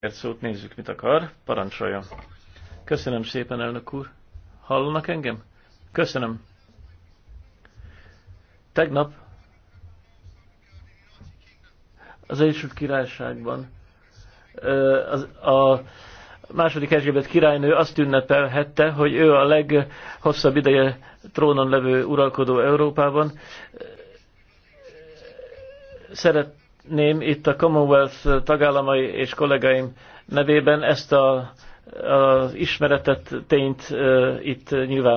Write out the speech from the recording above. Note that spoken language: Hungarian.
Egy szót nézzük, mit akar. Parancsoljon. Köszönöm szépen, elnök úr. Hallanak engem? Köszönöm. Tegnap az Egyesült Királyságban az, a második Erzsébet királynő azt ünnepelhette, hogy ő a leghosszabb ideje trónon levő uralkodó Európában. Szeret szeretném itt a Commonwealth tagállamai és kollégáim nevében ezt a, az ismeretet, tényt itt nyilvános